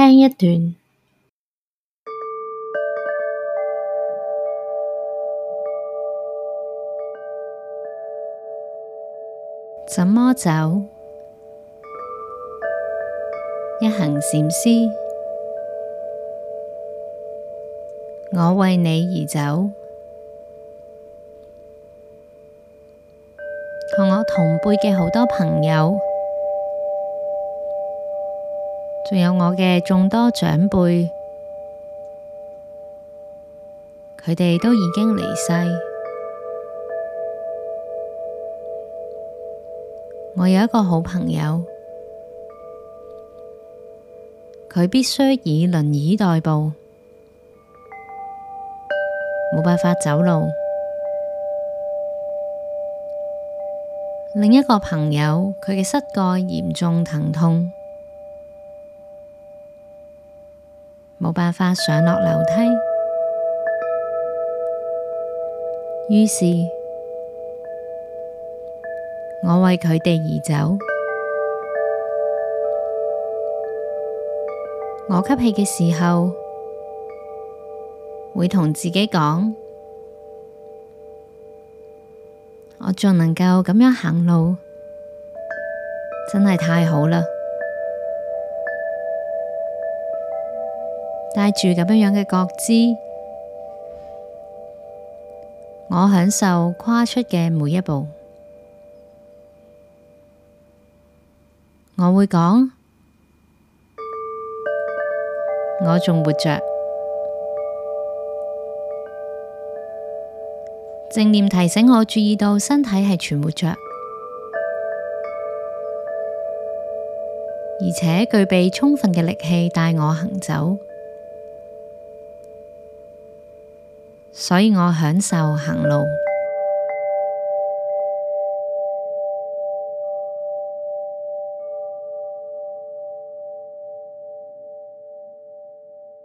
聽一段，怎麼走？一行禪師，我為你而走，同我同輩嘅好多朋友。仲有我嘅眾多長輩，佢哋都已經離世。我有一個好朋友，佢必須以輪椅代步，冇辦法走路。另一個朋友，佢嘅膝蓋嚴重疼痛。冇辦法上落樓梯，於是我為佢哋而走。我吸氣嘅時候，會同自己講：我仲能夠咁樣行路，真係太好啦！帶住咁樣樣嘅覺知，我享受跨出嘅每一步。我會講，我仲活着。正念提醒我注意到身體係存活着，而且具備充分嘅力氣帶我行走。所以我享受行路。